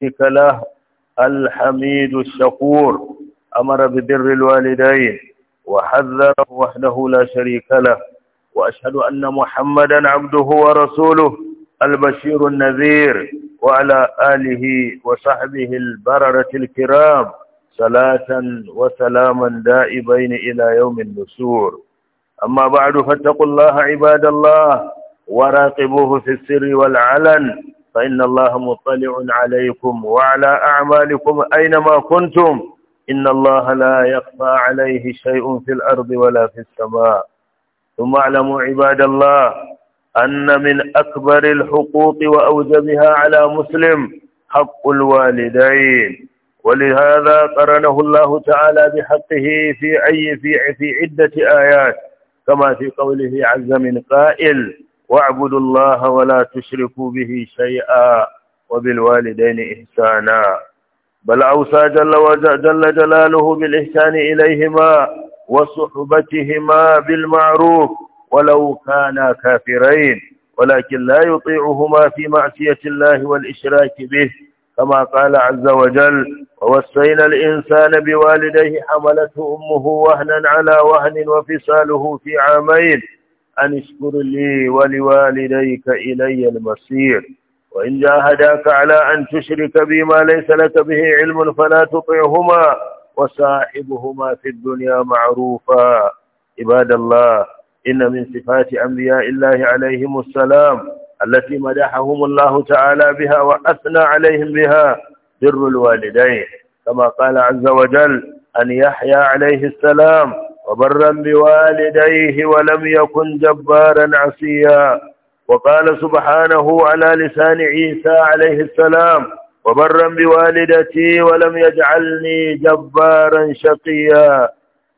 شريك له الحميد الشكور أمر ببر الوالدين وحذره وحده لا شريك له وأشهد أن محمدا عبده ورسوله البشير النذير وعلى آله وصحبه البررة الكرام صلاة وسلاما دائبين إلى يوم النسور أما بعد فاتقوا الله عباد الله وراقبوه في السر والعلن فإن الله مطلع عليكم وعلى أعمالكم أينما كنتم إن الله لا يخفى عليه شيء في الأرض ولا في السماء ثم اعلموا عباد الله أن من أكبر الحقوق وأوجبها على مسلم حق الوالدين ولهذا قرنه الله تعالى بحقه في أي في في عدة آيات كما في قوله عز من قائل واعبدوا الله ولا تشركوا به شيئا وبالوالدين إحسانا بل أوصى جل وجل جلاله بالإحسان إليهما وصحبتهما بالمعروف ولو كانا كافرين ولكن لا يطيعهما في معصية الله والإشراك به كما قال عز وجل ووصينا الإنسان بوالديه حملته أمه وهنا على وهن وفصاله في عامين أن اشكر لي ولوالديك إلي المصير وإن جاهداك على أن تشرك بي ما ليس لك به علم فلا تطعهما وصاحبهما في الدنيا معروفا عباد الله إن من صفات أنبياء الله عليهم السلام التي مدحهم الله تعالى بها وأثنى عليهم بها بر الوالدين كما قال عز وجل أن يحيى عليه السلام وبرا بوالديه ولم يكن جبارا عصيا وقال سبحانه على لسان عيسى عليه السلام وبرا بوالدتي ولم يجعلني جبارا شقيا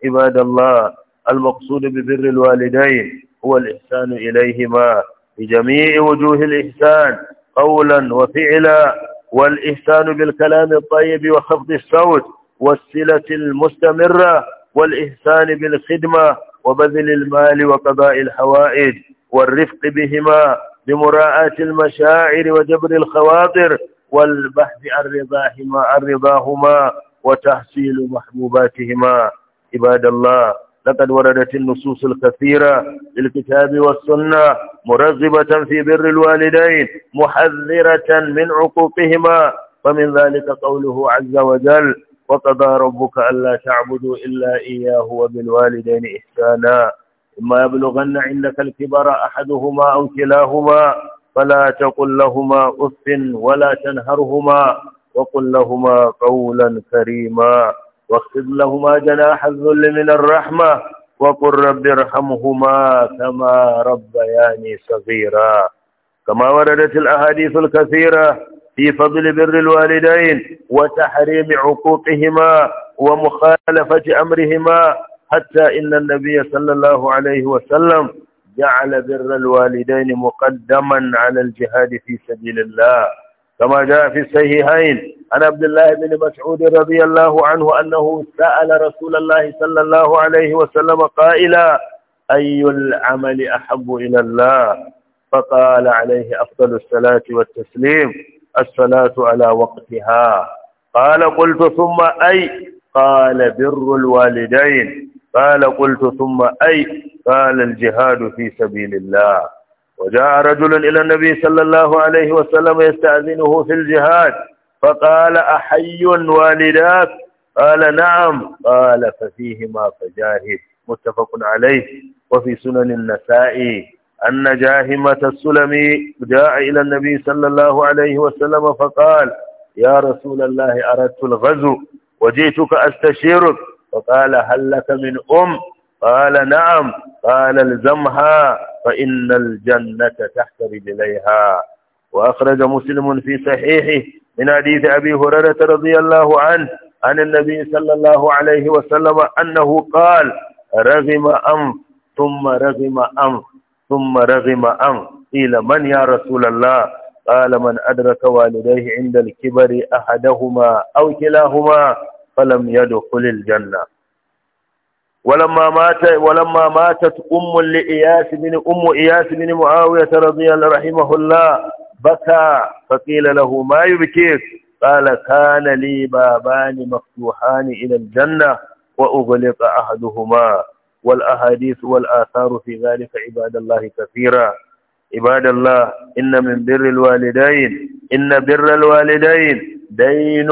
عباد الله المقصود ببر الوالدين هو الإحسان إليهما بجميع وجوه الإحسان قولا وفعلا والإحسان بالكلام الطيب وخفض الصوت والصلة المستمرة والإحسان بالخدمة وبذل المال وقضاء الحوائج والرفق بهما بمراعاة المشاعر وجبر الخواطر والبحث عن رضاهما عن رضاهما وتحصيل محبوباتهما عباد الله لقد وردت النصوص الكثيرة للكتاب والسنة مرغبة في بر الوالدين محذرة من عقوقهما ومن ذلك قوله عز وجل وقضى ربك ألا تعبدوا إلا إياه وبالوالدين إحسانا إما يبلغن عندك الكبر أحدهما أو كلاهما فلا تقل لهما أف ولا تنهرهما وقل لهما قولا كريما واخفض لهما جناح الذل من الرحمة وقل رب ارحمهما كما ربياني صغيرا كما وردت الأحاديث الكثيرة في فضل بر الوالدين وتحريم عقوقهما ومخالفة أمرهما حتى إن النبي صلى الله عليه وسلم جعل بر الوالدين مقدما على الجهاد في سبيل الله كما جاء في الصحيحين عن عبد الله بن مسعود رضي الله عنه أنه سأل رسول الله صلى الله عليه وسلم قائلا أي العمل أحب إلى الله فقال عليه أفضل الصلاة والتسليم الصلاة على وقتها قال قلت ثم أي قال بر الوالدين قال قلت ثم أي قال الجهاد في سبيل الله وجاء رجل إلى النبي صلى الله عليه وسلم يستأذنه في الجهاد فقال أحي والداك قال نعم قال ففيهما فجاهد متفق عليه وفي سنن النسائي أن جاهمة السلمي جاء إلى النبي صلى الله عليه وسلم فقال يا رسول الله أردت الغزو وجئتك أستشيرك فقال هل لك من أم قال نعم قال الزمها فإن الجنة تحت رجليها وأخرج مسلم في صحيحه من حديث أبي هريرة رضي الله عنه عن النبي صلى الله عليه وسلم أنه قال رغم أنف ثم رغم أنف ثم رغم أن قيل من يا رسول الله قال من أدرك والديه عند الكبر أحدهما أو كلاهما فلم يدخل الجنة ولما مات ولما ماتت أم لإياس بن أم إياس بن معاوية رضي الله رحمه الله بكى فقيل له ما يبكيك قال كان لي بابان مفتوحان إلى الجنة وأغلق أحدهما والأحاديث والآثار في ذلك عباد الله كثيرا عباد الله إن من بر الوالدين إن بر الوالدين دين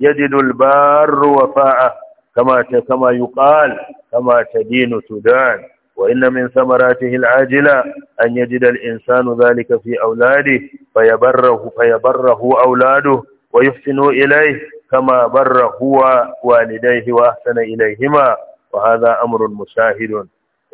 يجد البار وفاءه كما كما يقال كما تدين تدان وإن من ثمراته العاجلة أن يجد الإنسان ذلك في أولاده فيبره فيبره أولاده ويحسن إليه كما بر هو والديه وأحسن إليهما وهذا أمر مشاهد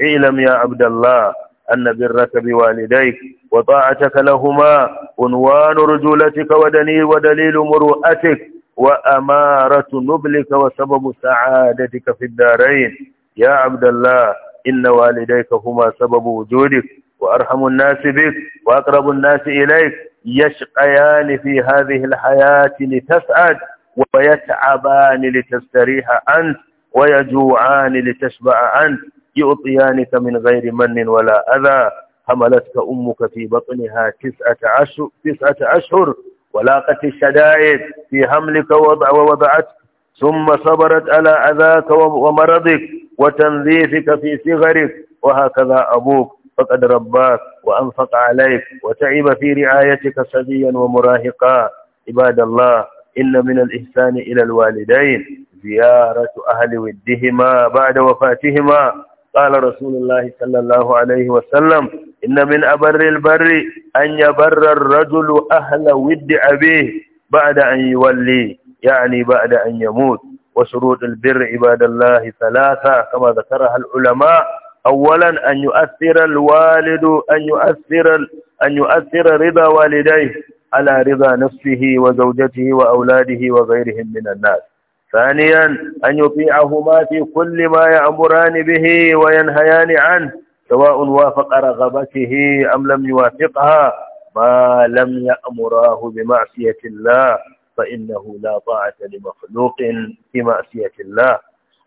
اعلم يا عبد الله أن برك بوالديك وطاعتك لهما عنوان رجولتك ودليل, ودليل مروءتك وأمارة نبلك وسبب سعادتك في الدارين يا عبد الله إن والديك هما سبب وجودك وأرحم الناس بك وأقرب الناس إليك يشقيان في هذه الحياة لتسعد ويتعبان لتستريح أنت ويجوعان لتشبع عنك يعطيانك من غير من ولا أذى حملتك أمك في بطنها تسعة أشهر, تسعة أشهر ولاقت الشدائد في حملك وضع ووضعتك ثم صبرت على أذاك ومرضك وتنذيفك في صغرك وهكذا أبوك فقد رباك وأنفق عليك وتعب في رعايتك صبيا ومراهقا عباد الله إن من الإحسان إلى الوالدين زيارة أهل ودهما بعد وفاتهما قال رسول الله صلى الله عليه وسلم إن من أبر البر أن يبر الرجل أهل ود أبيه بعد أن يولي يعني بعد أن يموت وشروط البر عباد الله ثلاثة كما ذكرها العلماء أولا أن يؤثر الوالد أن يؤثر أن يؤثر رضا والديه على رضا نفسه وزوجته وأولاده وغيرهم من الناس ثانيا أن يطيعهما في كل ما يأمران به وينهيان عنه سواء وافق رغبته أم لم يوافقها ما لم يأمراه بمعصية الله فإنه لا طاعة لمخلوق في معصية الله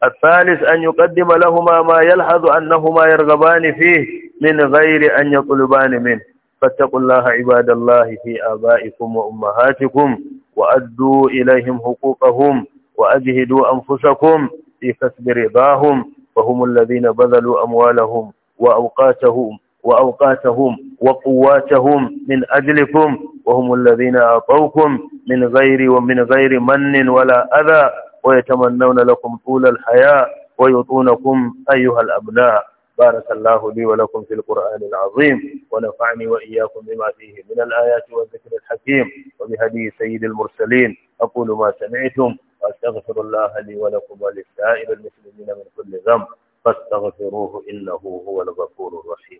الثالث أن يقدم لهما ما يلحظ أنهما يرغبان فيه من غير أن يطلبان منه فاتقوا الله عباد الله في آبائكم وأمهاتكم وأدوا إليهم حقوقهم وأجهدوا أنفسكم في كسب رضاهم فهم الذين بذلوا أموالهم وأوقاتهم وأوقاتهم وقواتهم من أجلكم وهم الذين أعطوكم من غير ومن غير من ولا أذى ويتمنون لكم طول الحياة ويطونكم أيها الأبناء بارك الله لي ولكم في القرآن العظيم ونفعني وإياكم بما فيه من الآيات والذكر الحكيم وبهدي سيد المرسلين أقول ما سمعتم وأستغفر الله لي ولكم ولسائر المسلمين من كل ذنب فاستغفروه إنه هو الغفور الرحيم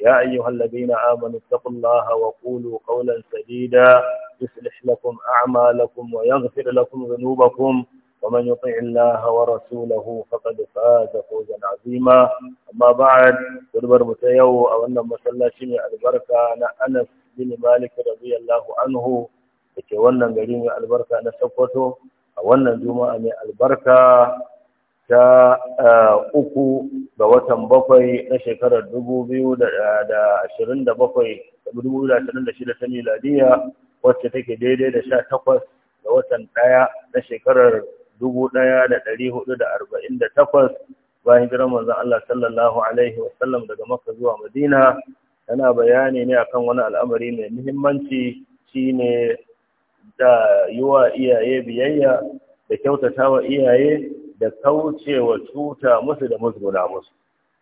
يا أيها الذين آمنوا اتقوا الله وقولوا قولا سديدا يصلح لكم أعمالكم ويغفر لكم ذنوبكم ومن يطع الله ورسوله فقد فاز فوزا عظيما أما بعد ودبر متيو أو أن مسلا شمع البركة أنا أنس بن مالك رضي الله عنه يتولى قريم البركة أنا سقطه أولا جمعة البركة ta eh, uku ga watan bakwai na shekarar dubu biyu da ashirin da bakwai dubu da ashirin da shida ta miladiya wacce take daidai da sha takwas ga watan ɗaya na shekarar dubu ɗaya da ɗari hudu da arba'in da takwas bayan jiran manzon Allah sallallahu alaihi sallam daga Makka zuwa Madina yana bayani ne akan wani al'amari mai muhimmanci shine da eh, yiwa iyaye biyayya da kyautatawa iyaye da wa cuta musu da musguna musu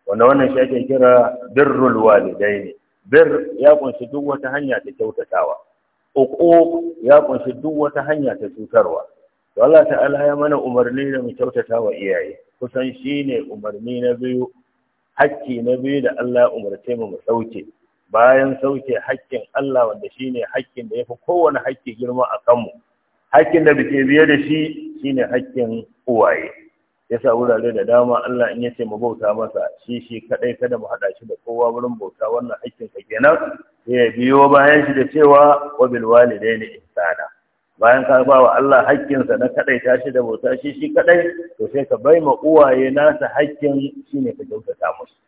wanda wannan shi ake kira birrul ne? bir ya kunshi duk wata hanya ta kyautatawa uku ya kunshi duk wata hanya ta cutarwa to Allah ta'ala ya mana umarni da mu kyautatawa iyaye kusan shine umarni na biyu hakki na biyu da Allah umarce mu mu sauke bayan sauke hakkin Allah wanda shine hakkin da yafi kowane hakki girma a kanmu hakkin da bike biye da shi shine hakkin uwaye yasa wurare da dama Allah in ce mu bauta masa shi shi kadai kada mu hada shi da kowa wurin bauta wannan hakkin ka kenan sai ya biyo bayan shi da cewa wa bil walidaini ihsana bayan ka ba wa Allah hakkin sa na kadai ta shi da bauta shi shi kadai to sai ka bai ma uwaye nasa hakkin shine ka kyautata musu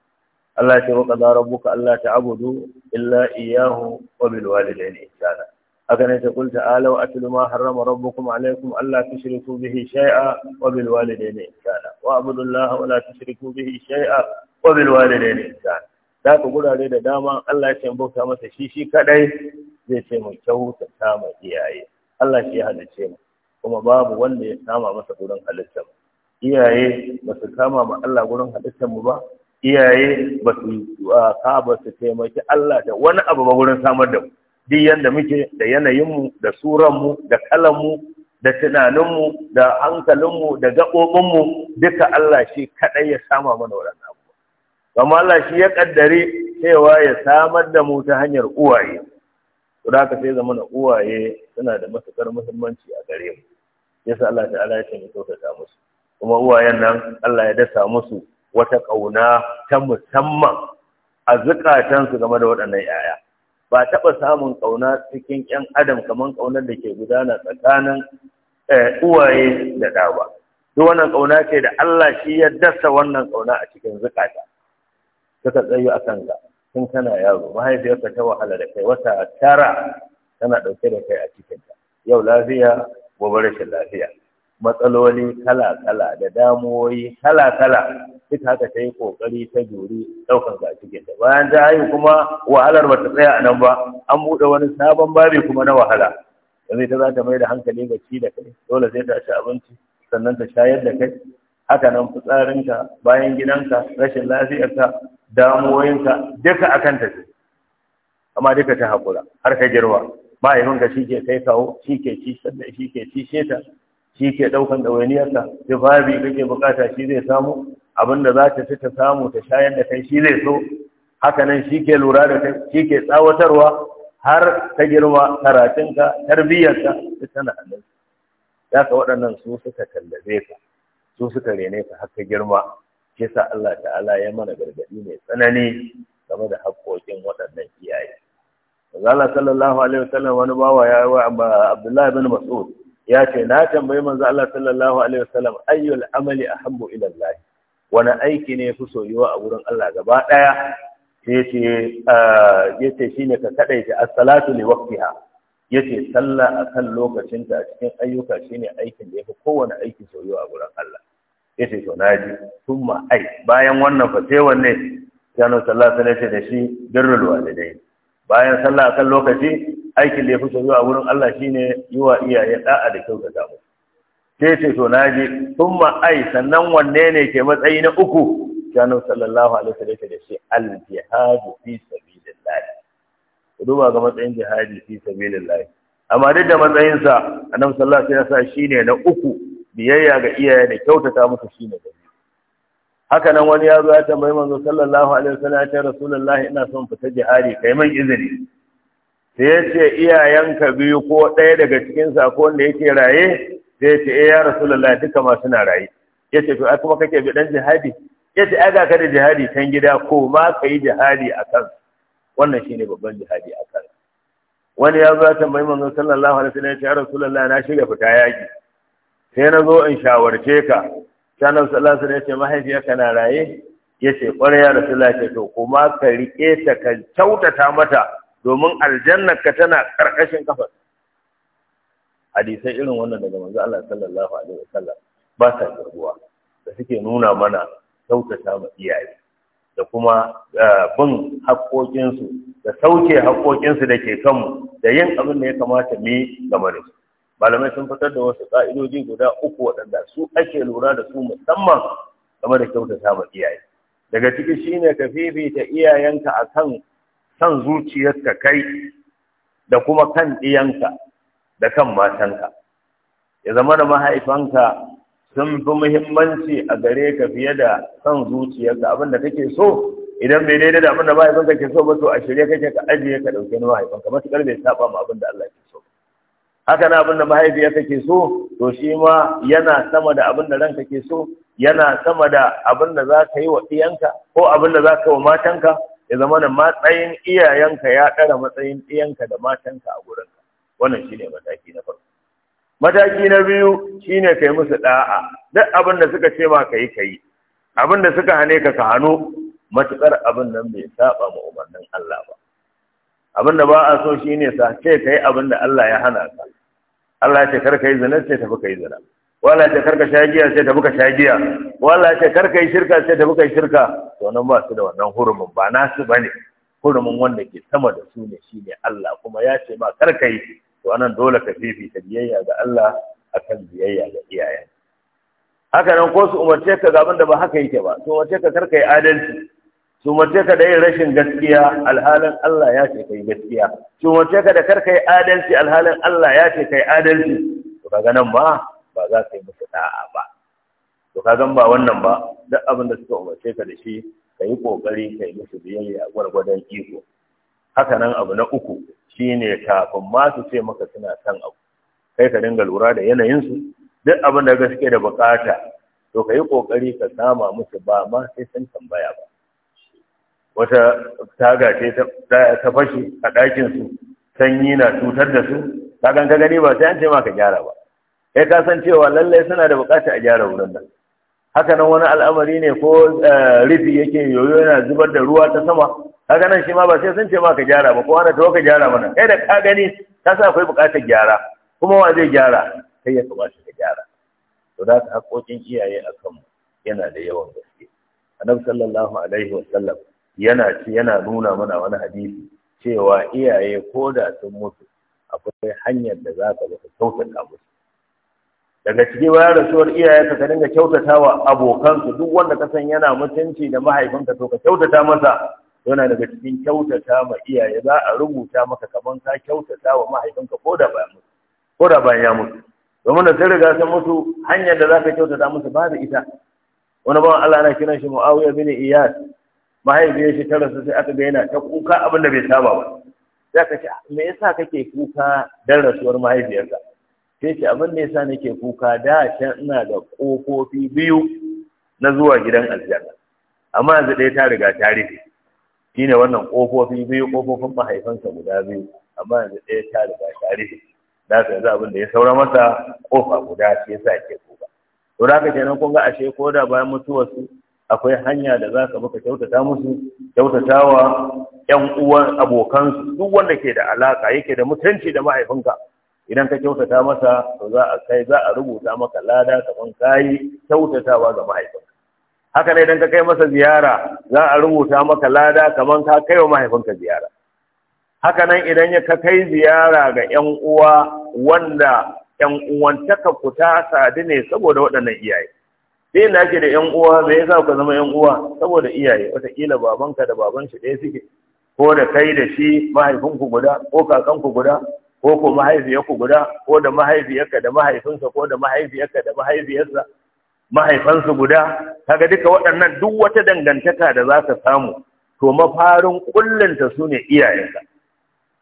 Allah ya ce wa qadara rabbuka alla ta'budu illa iyyahu wa bil walidaini ihsana أكن تقول تعالوا أتل a حرم ربكم عليكم ألا تشركوا به شيئا وبالوالدين إحسانا واعبدوا الله bihi تشركوا به شيئا وبالوالدين إحسانا za ka gurare da dama Allah ya ce bauta masa shi shi kadai zai ce mu kyauta ta iyaye Allah shi ya halice mu kuma babu wanda ya kama masa gurin halittar iyaye ba su kama ma Allah gurin halittar mu ba iyaye ba su ah, ka ba su taimaki Allah da wani abu ba gurin samar da mu duk yanda muke da yanayinmu da suranmu da kalanmu da tunaninmu da hankalinmu da gaɓoɓinmu duka Allah shi kaɗai ya sama mana waɗannan abubuwa. Gama Allah shi ya ƙaddare cewa ya samar da mu ta hanyar uwaye. Kuda ka sai zamana uwaye suna da matuƙar muhimmanci a gare mu. Yasa Allah Allah ya mu kyautata musu. Kuma uwayen nan Allah ya dasa musu wata ƙauna ta musamman a zukatansu game da waɗannan 'ya'ya. ba taɓa samun ƙauna cikin ƴan adam kamar ƙaunar da ke gudana tsakanin eh, uwaye da ɗa ba duk wannan ƙauna ce da Allah shi ya dasa wannan ƙauna a cikin zukata suka tsayu a kan kanka tun kana yaro mahaifiyarka ta wahala da kai wata tara tana ɗauke da kai a cikinta yau lafiya gobe rashin lafiya matsaloli kala-kala da damuwoyi kala-kala duk haka ta yi kokari ta juri ɗaukar ga cikin da bayan ta haihu kuma wahalar ba ta tsaya a nan ba an buɗe wani sabon babi kuma na wahala yanzu ta za ta mai da hankali ga ci da kai dole sai ta ci abinci sannan ta shayar da kai haka nan fitsarinka bayan gidanka rashin lafiyarka damuwoyinka duka akan ta ce amma duka ta haƙura har ka girma mahaifinka shi ke kai kawo shi ke ci sannan shi ke ci sheta shi ke ɗaukan ɗawainiyarsa tufafi kake bukata shi zai samu abin da za ta ci ta samu ta shayar da kai shi zai so haka nan shi ke lura da kai shi ke tsawatarwa har ta girma karatunka tarbiyyarka duk tana hannunsa ya ka waɗannan su suka tallabe ka su suka rene ka har girma shi sa Allah ta'ala ya mana gargaɗi mai tsanani game da haƙƙoƙin waɗannan iyaye. Zala sallallahu alaihi wa sallam wani bawa ya yi wa Abdullahi bin Mas'ud ya ce na tambayi manzo Allah sallallahu alaihi wasallam ayyul amali ahabbu ila Allah wani aiki ne yafi soyuwa a wurin Allah gaba daya sai yace ah, yace shine ka kadaita as-salatu li waqtiha yace sallah akan lokacinta a cikin ayyuka shine aikin da yafi kowane aiki soyuwa a wurin Allah yace to naji thumma ai bayan wannan fa sai wanne sai Allah sallallahu alaihi wasallam da shi birrul walidai bayan sallah kan lokaci aikin da ya fi zuwa wurin Allah shine yi wa iyaye da'a da kyautata mu sai ce to naji kuma ai sannan wanne ne ke matsayi na uku janu sallallahu alaihi wasallam da shi al jihadu fi sabilillah duba ga matsayin jihadi fi sabilillah amma duk da matsayinsa annabi sallallahu alaihi wasallam shine na uku biyayya ga iyaye da kyautata musu shine gari. haka nan wani yaro ya tambayi manzo sallallahu alaihi wasallam ya ce rasulullahi ina son fita jihadi kai man izini sai ya ce iyayenka biyu ko ɗaya daga cikin sa ko wanda yake raye sai ya ce eh ya rasulullahi duka ma suna raye ya ce to a kuma kake bi dan jihadi ya ce aga ka da jihadi kan gida ko ma kai jihadi a kan wannan shine babban jihadi a kan wani ya zo ya tambayi manzo sallallahu alaihi wasallam ya ce ya rasulullahi na shirya fita yaki sai na zo in shawarce ka sanar salasa ya ce mahaifiyarka na raye yace ce ƙwarya da sula to kuma ka rike ta ka kyautata mata domin aljanna ka tana ƙarƙashin kafa hadisai irin wannan daga manzo Allah sallallahu alaihi wasallam ba sa karbuwa da suke nuna mana kyautata ma iyaye da kuma eh, bin haƙoƙinsu da sauke haƙoƙinsu da ke kanmu da yin abin da ya kamata mu yi game da malamai sun fitar da wasu ƙa'idoji guda uku waɗanda su ake lura da su musamman game da kyautata ma iyaye daga ciki shine ka fifita iyayenka a kan san zuciyarka kai da kuma kan ɗiyanka da kan matanka ya zama da mahaifanka sun fi muhimmanci a gare ka fiye da san zuciyarka abinda kake so idan bai daidai da abinda mahaifanka ke so ba to a shirye kake ka ajiye ka ɗauke na mahaifanka matuƙar bai saba ma abinda Allah ke haka na abin da mahaifiyarka ke so to shi ma yana sama da abin ranka ke so yana sama da abin da za ka yi wa ɗiyanka ko abin za ka yi wa matanka ya zama da matsayin iyayenka ya ɗara matsayin ɗiyanka da matanka a gurinka wannan shi ne mataki na farko mataki na biyu shi ne ka yi musu ɗa'a duk abin da suka ce ma ka yi ka yi abin suka hane ka ka hano matuƙar abin nan bai saɓa ma umarnin Allah ba abin da ba a so shi ne sa ce ka yi abin da Allah ya hana ka Allah ya ce kar ka yi zina sai tafi ka yi zina wala ce kar ka sha giya sai tafi ka sha giya wala ce kar ka yi shirka sai tafi ka yi shirka to nan ba su da wannan hurumin ba nasu bane hurumin wanda ke sama da su ne shine Allah kuma ya ce ma kar ka yi to nan dole ka fifita biyayya ga Allah akan biyayya ga iyayen haka nan ko su umarce ka ga abin da ba haka yake ba su umarce ka kar ka yi adalci su mace ka da yin rashin gaskiya alhalin Allah ya ce kai gaskiya su ka da kar adalci alhalin Allah ya ce kai adalci to kaga nan ba ba za ka yi musu da'a ba to kaga ba wannan ba duk abin da suka umarce ka da shi ka yi kokari ka yi musu biyayya gwargwadon iko haka nan abu na uku shine kafin ma su ce maka suna son abu kai ka dinga lura da yanayinsu duk abin da gaske da bukata to ka yi kokari ka sama musu ba ma sai sun tambaya ba wata taga ce ta fashe a ɗakinsu sanyi na cutar da su kagan ka gani ba sai an ce ma ka gyara ba Sai ka san cewa lallai suna da bukata a gyara wurin nan haka nan wani al'amari ne ko eh, rufi yake yoyo yana zubar da ruwa ta sama kaga nan shi ma ba sai sun ce ma ka gyara ba ko wani tawo ka gyara mana kai da ka gani ka sa akwai bukatar gyara kuma wa zai gyara kai ya kamata ka gyara to da haka haƙoƙin iyaye kanmu yana da yawan gaske annabi sallallahu alaihi wa sallam. yana yana nuna mana wani hadisi cewa iyaye ko da sun mutu akwai hanyar da za ka baka kyautata musu daga cikin bayan rasuwar iyaye ka dinga kyautata wa abokansu duk wanda ka san yana mutunci da mahaifinka to ka kyautata masa yana daga cikin kyautata ma iyaye za a rubuta maka kaman ka kyautata wa mahaifinka ko da bayan mutu ko da bayan ya mutu domin da sun riga sun mutu hanyar da za ka kyautata musu ba da ita wani bawan Allah na kiran shi Muawiya bin Iyas mahaifiyar shi ta rasu sai aka ga yana ta kuka abin da bai saba ba za ka ce ah, me yasa kake kuka dan rasuwar mahaifiyarka sai ce abin da yasa nake kuka da can ina da kofofi biyu na zuwa gidan aljanna amma yanzu ɗaya ta riga ta rufe shine wannan kofofi biyu kofofin mahaifansa guda biyu amma yanzu ɗaya ta riga ta rufe da ka yanzu abin da ya saura masa kofa guda shi yasa ke kuka to da ka kenan kun ga ashe ko da bayan mutuwarsu akwai hanya da za ka baka kyautata musu kyautatawa yan uwan abokansu duk wanda ke da alaka yake da mutunci da mahaifinka idan ka kyautata masa to za a kai za a rubuta maka lada kaman kai kyautatawa ga mahaifinka haka ne idan ka kai masa ziyara za a rubuta maka lada kaman ka kai wa mahaifinka ziyara haka nan idan ya ka kai ziyara ga yan uwa wanda yan uwantaka ku ta sadi ne saboda waɗannan iyaye sai da ake da yan uwa me yasa ku zama yan uwa saboda iyaye wataƙila babanka da baban shi ɗaya suke ko da kai da shi mahaifinku guda ko kakanku guda ko ko mahaifiyarku guda ko da mahaifiyarka da mahaifinsa ko da mahaifiyarka da mahaifiyarsa mahaifansu guda kaga duka waɗannan duk wata dangantaka da za ka samu to mafarin kullanta su ne iyayenka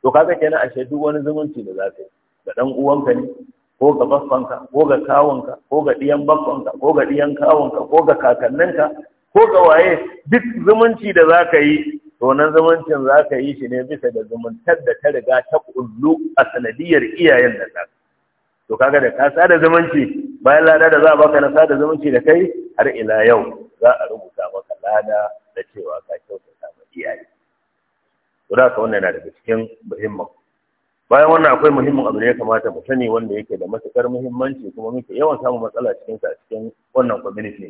to kaga kenan ashe duk wani zumunci da za ka yi da ɗan uwanka ne ko ga baffanka ko ga kawunka ko ga ɗiyan baffanka ko ga ɗiyan kawunka ko ga kakanninka ko ga waye duk zumunci da za ka yi to nan zumuncin za ka yi shi ne bisa da zumuntar da ta riga ta kullu a sanadiyar iyayen da ta to kaga da ka sada zumunci bayan lada da za a baka na sada zumunci da kai har ila yau za a rubuta maka lada da cewa ka kyautata ma iyaye to da ka wannan yana daga cikin muhimman bayan wannan akwai muhimmin abu da ya kamata mu sani wanda yake da matukar muhimmanci kuma muke yawan samun matsala cikin sa cikin wannan community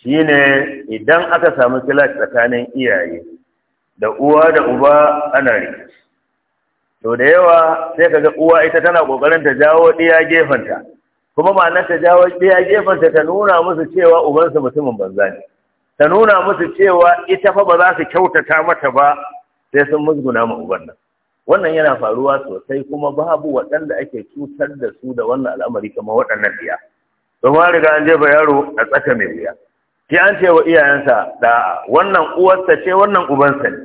Shi shine idan aka samu clash tsakanin iyaye da uwa da uba ana rikici to da yawa sai kaga uwa ita tana kokarin ta jawo diya gefanta kuma ma'anar ta jawo diya gefanta ta nuna musu cewa ubansu mutumin banza ne ta nuna musu cewa ita fa ba za su kyautata mata ba sai sun musguna ma uban nan wannan yana faruwa sosai kuma babu waɗanda ake cutar da su da wannan al'amari kamar waɗannan biya ma riga an jefa yaro a tsaka mai wuya shi an ce wa iyayensa da wannan uwarsa ce wannan ubansa ne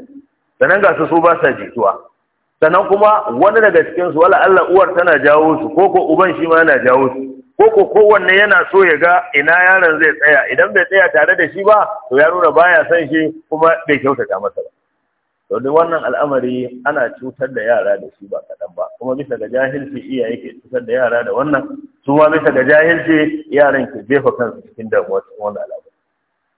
sannan ga su su ba sa jituwa sannan kuma wani daga cikinsu wala Allah uwar tana jawo su ko ko uban shi ma yana jawo su ko ko kowanne yana so ya ga ina yaron zai tsaya idan bai tsaya tare da shi ba to ya nuna baya son shi kuma bai kyautata masa ba to duk wannan al'amari ana cutar da yara da su ba kaɗan ba kuma bisa ga jahilci iyaye ke cutar da yara da wannan su ma bisa ga jahilci yaran ke jefa kansu cikin damuwa cikin al'amari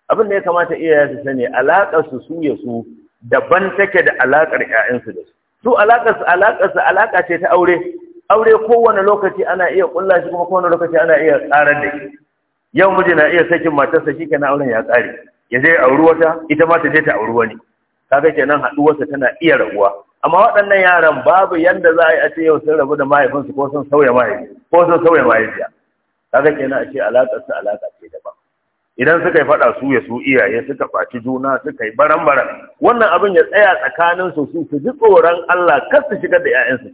abin da ya kamata iyaye su sani alaƙar su su ya su daban take da alaƙar ƴaƴansu da su su alaƙar su alaƙar su alaƙa ce ta aure aure kowane lokaci ana iya ƙulla shi kuma kowane lokaci ana iya ƙarar da shi yau miji na iya sakin matarsa shi kenan auren ya ƙare ya je auri wata ita ma ta je ta auri wani kaga kenan haɗuwarsa tana iya rabuwa. amma waɗannan yaran babu yanda za a yi a ce yau sun rabu da mahaifinsu ko sun sauya mahaifi ko sun sauya mahaifiya kaga kenan a ce alaƙar su alaƙa ce daban idan suka yi faɗa su ya su iyaye suka faci juna suka yi baran baran wannan abin ya tsaya tsakanin su su su ji tsoron Allah kar su shigar da ƴaƴansu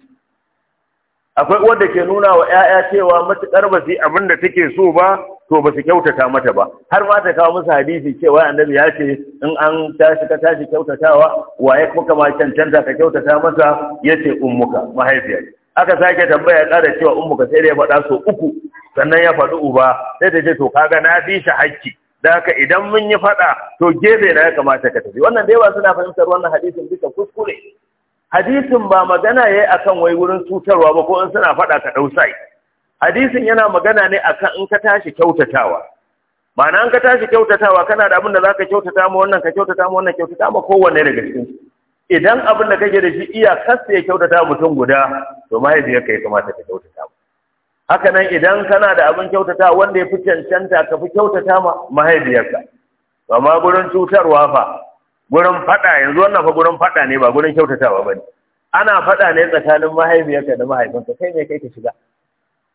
akwai wanda ke nuna wa ƴaƴa cewa matuƙar ba su abin da take so ba to ba su kyautata mata ba har ma ta kawo musu hadisi cewa annabi ya ce in an tashi ka tashi kyautatawa wa ya kuka ma cancanta ka kyautata masa ya ce ummuka mahaifiyar aka sake tambaya kara cewa ummuka sai ya faɗa so uku sannan ya faɗi uba sai ta ce to kaga na fi shi hakki da haka idan mun yi faɗa to gefe na ya kamata ka tafi wannan da yawa suna fahimtar wannan hadisin duka kuskure hadisin ba magana yayi akan wai wurin cutarwa ba ko in suna faɗa ka ɗau sai hadisin yana magana ne akan in ka tashi kyautatawa ma'ana in ka tashi kyautatawa kana da abin da zaka kyautata ma wannan ka kyautata ma wannan kyautata ma kowanne daga cikin idan abin da kake da shi iya kasta ya kyautata mutum guda to mahaifi ya kamata ta kyautata mu haka nan idan kana da abin kyautata wanda ya fi cancanta ka fi kyautata ma mahaifiyarka ma gurin cutarwa fa gurin fada yanzu wannan fa gurin fada ne ba gurin kyautatawa bane ana fada ne tsakanin mahaifiyarka da mahaifinka kai ne kai ka shiga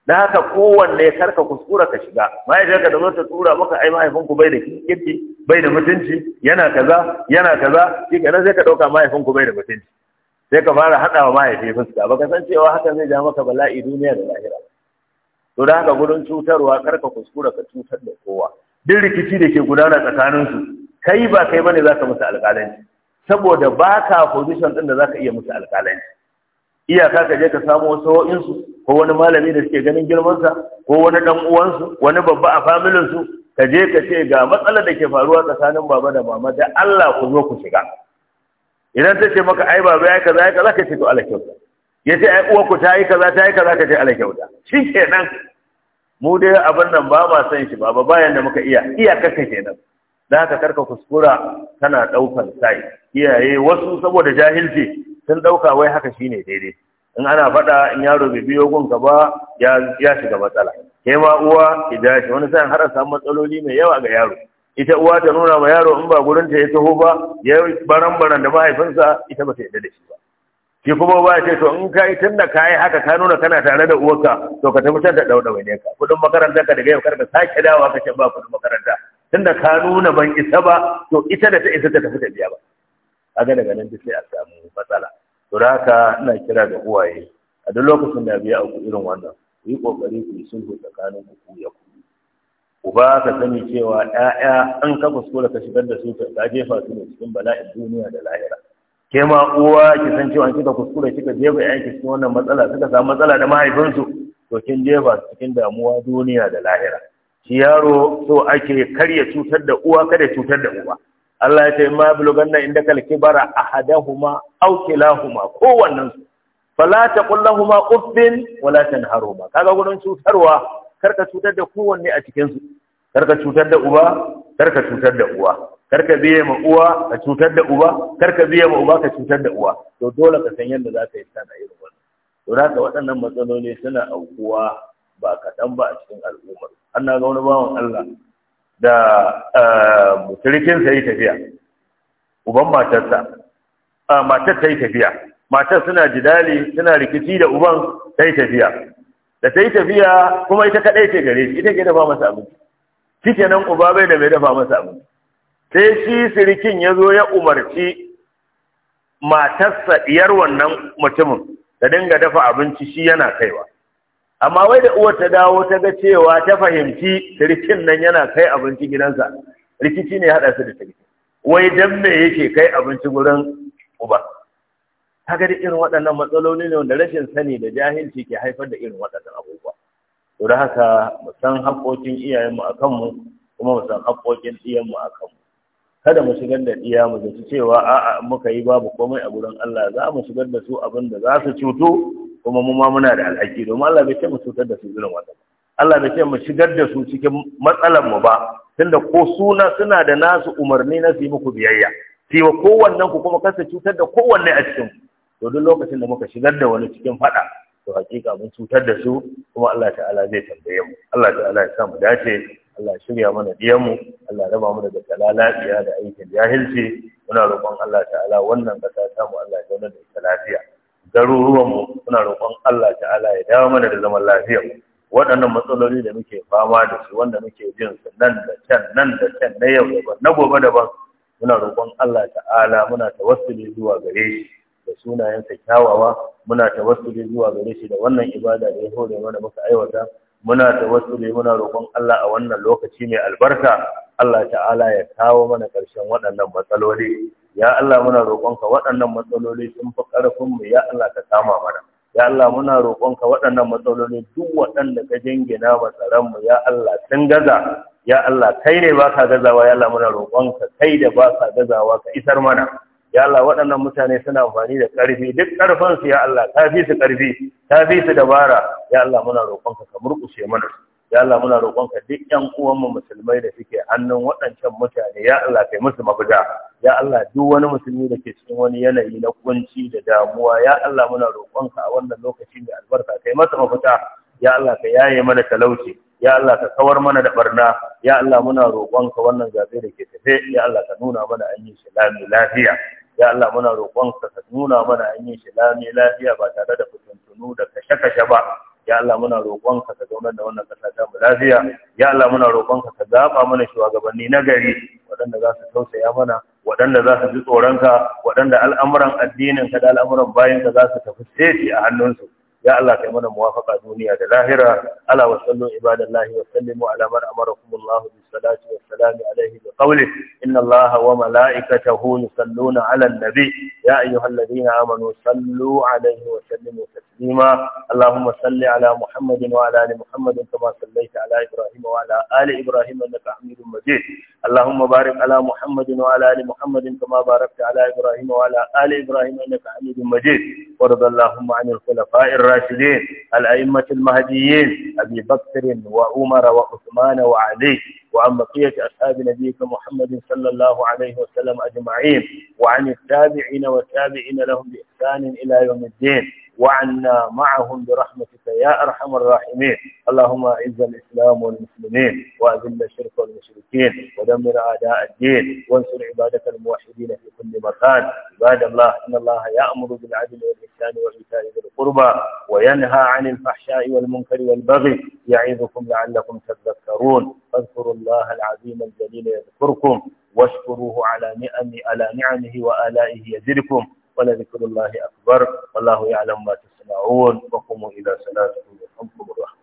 da haka kowanne karka kuskura ka shiga mahaifiyarka da zo ta tura maka ai mahaifinku bai da kirki bai da mutunci yana kaza yana kaza shi kenan sai ka ɗauka mahaifinku bai da mutunci sai ka fara haɗa wa mahaifi fuska baka san cewa haka zai ja maka bala'i duniya da lahira to da haka gudun cutarwa karka kuskura ka cutar da kowa duk rikici da ke gudana tsakanin su kai ba kai bane zaka musu alƙalanci saboda baka position ɗin da zaka iya musu alƙalanci iyaka ka je ka samu wasu wa'insu ko wani malami da suke ganin girmansa ko wani dan uwansu wani babba a familinsu ka je ka ce ga matsalar da ke faruwa tsakanin baba da mama da Allah ku zo ku shiga idan ta ce maka ai baba ya kaza ya kaza ka ce to Allah kyauta ya ce ai uwa ku ta yi kaza ta yi kaza ka ce Allah kyauta shi kenan mu dai abin nan ba ma san shi baba bayan da muka iya iyakar ka kenan da haka karka kuskura kana ɗaukar sai iyaye wasu saboda jahilci sun ɗauka wai haka shine daidai in ana faɗa in yaro bai biyo gunka ba ya shiga matsala ke ma uwa ki shi. wani sa'in har a samu matsaloli mai yawa ga yaro ita uwa ta nuna ma yaro in ba gurin ta ya taho ba ya baran baran da mahaifinsa ita ba ta yarda da shi ba shi kuma ba ce to in ka yi tun da yi haka ka nuna kana tare da uwarka to ka tabbatar da daudawai ne ka kudin makaranta ka daga yau karka sake dawa ka can ba kudin makaranta tun da ka nuna ban isa ba to ita da ta isa ta tafi ta biya ba kaga daga nan duk sai a samu matsala Suraka ina kira da uwaye a duk lokacin da biya ku irin wannan ku yi kokari ku yi sulhu tsakanin ku ku ya ku uba ka sani cewa ƴaƴa an ka kuskura ka shigar da su ka jefa su ne cikin bala'in duniya da lahira ke ma uwa ki san cewa kika kuskura kika jefa ki cikin wannan matsala suka samu matsala da mahaifinsu to kin jefa su cikin damuwa duniya da lahira shi yaro so ake karya cutar da uwa kada cutar da uba Allah ya ce ma buluganna inda al-kibara ahaduhuma aw kilahuma kowannan su fala taqul lahumu uffin wala tanharuma kaga wurin cutarwa karka cutar da kowanne a cikin karka cutar da uba karka cutar da uwa karka biye ma uwa ka cutar da uba karka biye ma uba ka cutar da uwa to dole ka san yadda za ka yi sana irin wannan to da ka waɗannan matsaloli suna aukuwa ba kaɗan ba a cikin al'ummar an na ga wani bawan Allah da sirikinsa eh, yi tafiya uban matarsa ah, matar ta yi tafiya matar suna jidali suna rikici da uban ta yi tafiya da ta yi tafiya kuma ita kaɗai ce gare shi ita ke dafa masa abinci shi nan uba bai da mai dafa masa abinci sai shi sirikin ya zo ya umarci matarsa diyar wannan mutumin ta dinga dafa abinci shi yana kaiwa amma wai da uwar ta dawo ta ga cewa ta fahimci rikin nan yana kai abinci gidansa rikici ne hada su da ta wai dan me yake kai abinci gurin uba kaga da irin waɗannan matsaloli ne wanda rashin sani da jahilci ke haifar da irin waɗannan abubuwa to da haka mu san haƙoƙin iyayenmu a kanmu kuma mu san haƙoƙin iyayenmu a kanmu kada mu shigar da iya mu zaci cewa a'a muka yi babu komai a gurin Allah za mu shigar da su abin da za su cuto kuma mu ma muna da alhaki domin Allah bai ce mu cutar da su irin wannan Allah bai ce mu shigar da su cikin matsalar mu ba tunda ko suna suna da nasu umarni na su yi muku biyayya sai wa kowannen ku kuma kasa cutar da kowanne a cikin to duk lokacin da muka shigar da wani cikin fada to hakika mun cutar da su kuma Allah ta'ala zai tambaye mu Allah ta'ala ya sa mu dace Allah shirya mana mu, Allah raba mu daga talalafiya da aikin jahilci, muna roƙon Allah ta'ala wannan kasa ta mu Allah ya zauna da lafiya. garuruwanmu suna roƙon Allah ta'ala ya dawo mana da zaman lafiya waɗannan matsaloli da muke fama da su wanda muke jin su nan da can nan da can na yau da na gobe daban muna roƙon Allah ta'ala muna tawassuli zuwa gare shi da sunayensa kyawawa muna tawassuli zuwa gare shi da wannan ibada da ya hore mana muka aiwata muna tawassuli muna roƙon Allah a wannan lokaci mai albarka Allah ta'ala ya kawo mana ƙarshen waɗannan matsaloli ya Allah muna roƙonka waɗannan matsaloli sun fi ƙarfinmu ya Allah ka kama mana ya Allah muna roƙonka waɗannan matsaloli duk waɗanda ka jingina masaranmu ya Allah sun gaza ya Allah kai ne baka gazawa ya Allah muna roƙonka kai da baka gazawa ka isar mana ya Allah waɗannan mutane suna amfani da ƙarfi duk ƙarfinsu ya Allah ka fi su ƙarfi ka fi su dabara ya Allah muna roƙonka ka murƙushe mana su ya Allah muna roƙonka duk ƴan uwan mu musulmai da suke hannun waɗancan mutane ya Allah kai musu mafita ya Allah duk wani musulmi da ke cikin wani yanayi na kunci da damuwa ya Allah muna roƙonka a wannan lokacin da albarka kai masa mafita ya Allah ka yaye mana talauci ya Allah ka kawar mana da barna ya Allah muna roƙonka wannan zabe da ke tafe ya Allah ka nuna mana an yi shi lafiya ya Allah muna roƙonka ka nuna mana an yi shi lafiya ba tare da fitintunu da kashe-kashe ba ya Allah muna roƙonka ka zaunar da wannan ƙasa ta mu lafiya ya Allah muna roƙonka ka zaba mana shugabanni na gari waɗanda za su tausaya mana waɗanda za su ji tsoronka waɗanda al'amuran addinin ka da al'amuran bayan ka za su tafi sefi a hannunsu ya Allah kai mana muwafaqa duniya da lahira ala wa sallu ibadallahi wa sallimu ala man amarakumullah bi salati wa salam alayhi bi qawli inna Allah wa malaikatahu yusalluna ala an-nabi ya ayyuhalladhina amanu sallu alayhi wa sallimu taslima allahumma salli ala muhammadin wa ala ali muhammadin kama sallaita ala ibrahim wa ala ali ibrahim innaka hamidum majid allahumma barik ala muhammadin wa ala ali muhammadin kama barakta ala ibrahim wa ala ali ibrahim innaka hamidum majid wa radallahu anil khulafa'ir الراشدين الأئمة المهديين أبي بكر وعمر وعثمان وعلي وعن بقية أصحاب نبيك محمد صلى الله عليه وسلم أجمعين وعن التابعين والتابعين لهم بإحسان إلى يوم الدين وعنا معهم برحمتك يا أرحم الراحمين اللهم أعز الإسلام والمسلمين وأذل الشرك والمشركين ودمر أعداء الدين وانصر عبادك الموحدين في كل مكان عباد الله إن الله يأمر بالعدل والإحسان وإيتاء ذي القربى وينهى عن الفحشاء والمنكر والبغي يعظكم لعلكم تذكرون فاذكروا الله العظيم الجليل يذكركم واشكروه على نعم، نعمه وآلائه يزدكم ولذكر الله أكبر والله يعلم ما تصنعون وقوموا إلى صلاتكم يرحمكم الله